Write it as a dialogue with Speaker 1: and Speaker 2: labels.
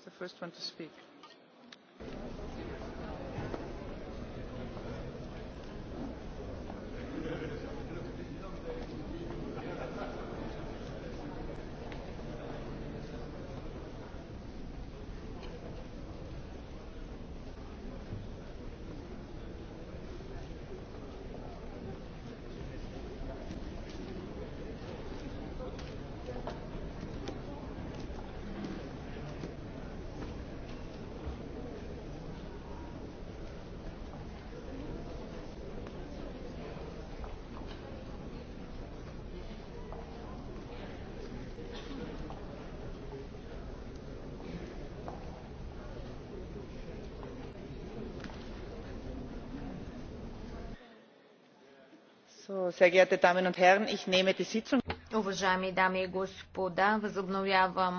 Speaker 1: is the first one to speak.
Speaker 2: Уважаеми дами и господа, възобновявам